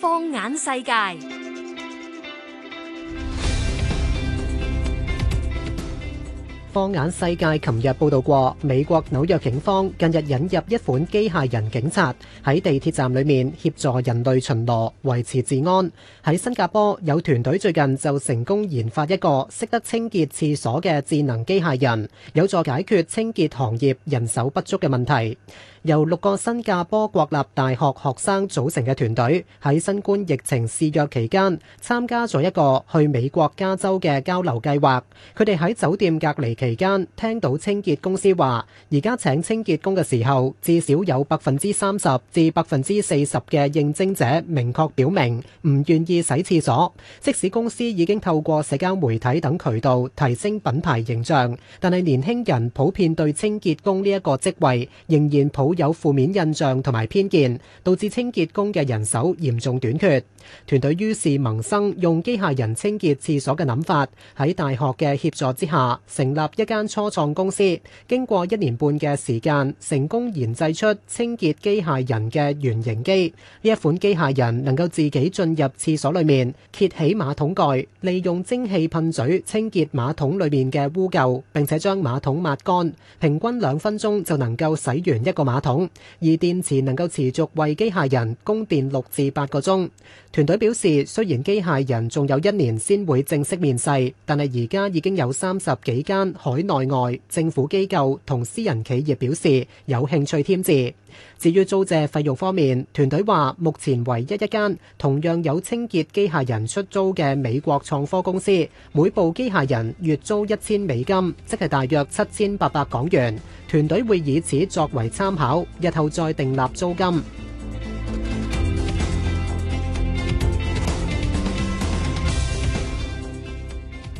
放眼世界，放眼世界。琴日報道過，美國紐約警方近日引入一款機械人警察，喺地鐵站裏面協助人類巡邏，維持治安。喺新加坡，有團隊最近就成功研發一個識得清潔廁所嘅智能機械人，有助解決清潔行業人手不足嘅問題。由六個新加坡國立大學學生組成嘅團隊，喺新冠疫情肆虐期間參加咗一個去美國加州嘅交流計劃。佢哋喺酒店隔離期間聽到清潔公司話：而家請清潔工嘅時候，至少有百分之三十至百分之四十嘅應徵者明確表明唔願意洗廁所。即使公司已經透過社交媒體等渠道提升品牌形象，但係年輕人普遍對清潔工呢一個職位仍然普有負面印象同埋偏見，導致清潔工嘅人手嚴重短缺。團隊於是萌生用機械人清潔廁所嘅諗法。喺大學嘅協助之下，成立一間初創公司。經過一年半嘅時間，成功研製出清潔機械人嘅原型機。呢一款機械人能夠自己進入廁所裏面，揭起馬桶蓋，利用蒸汽噴嘴清潔馬桶裏面嘅污垢，並且將馬桶抹乾。平均兩分鐘就能夠洗完一個馬桶。統而電池能夠持續為機械人供電六至八個鐘。團隊表示，雖然機械人仲有一年先會正式面世，但係而家已經有三十幾間海內外政府機構同私人企業表示有興趣添置。至於租借費用方面，團隊話目前唯一一間同樣有清潔機械人出租嘅美國創科公司，每部機械人月租一千美金，即係大約七千八百港元。團隊會以此作為參考，日後再訂立租金。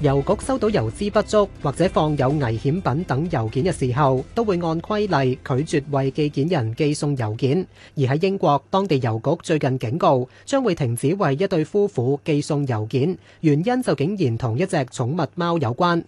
郵局收到郵資不足或者放有危險品等郵件嘅時候，都會按規例拒絕為寄件人寄送郵件。而喺英國，當地郵局最近警告將會停止為一對夫婦寄送郵件，原因就竟然同一隻寵物貓有關。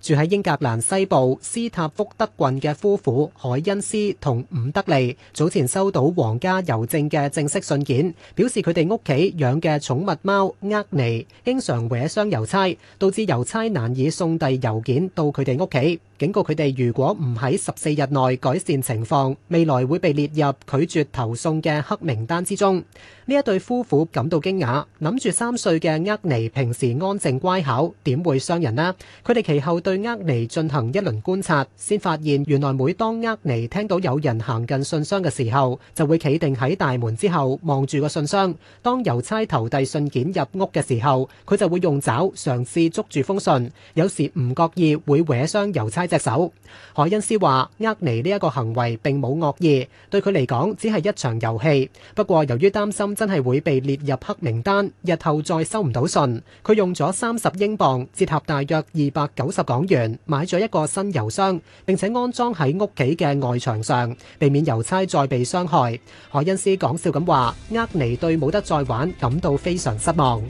住喺英格蘭西部斯塔福德郡嘅夫婦海恩斯同伍德利早前收到皇家郵政嘅正式信件，表示佢哋屋企養嘅寵物貓厄尼經常搲傷郵差，導致郵郵差難以送遞郵件到佢哋屋企。警告佢哋，如果唔喺十四日內改善情況，未來會被列入拒絕投送嘅黑名單之中。呢一對夫婦感到驚訝，諗住三歲嘅厄尼平時安靜乖巧，點會傷人呢？佢哋其後對厄尼進行一輪觀察，先發現原來每當厄尼聽到有人行近信箱嘅時候，就會企定喺大門之後望住個信箱。當郵差投遞信件入屋嘅時候，佢就會用爪嘗試捉住封信，有時唔覺意會搲傷郵差。隻手，海恩斯話：厄尼呢一個行為並冇惡意，對佢嚟講只係一場遊戲。不過由於擔心真係會被列入黑名單，日後再收唔到信，佢用咗三十英鎊，折合大約二百九十港元，買咗一個新郵箱，並且安裝喺屋企嘅外牆上，避免郵差再被傷害。海恩斯講笑咁話：厄尼對冇得再玩感到非常失望。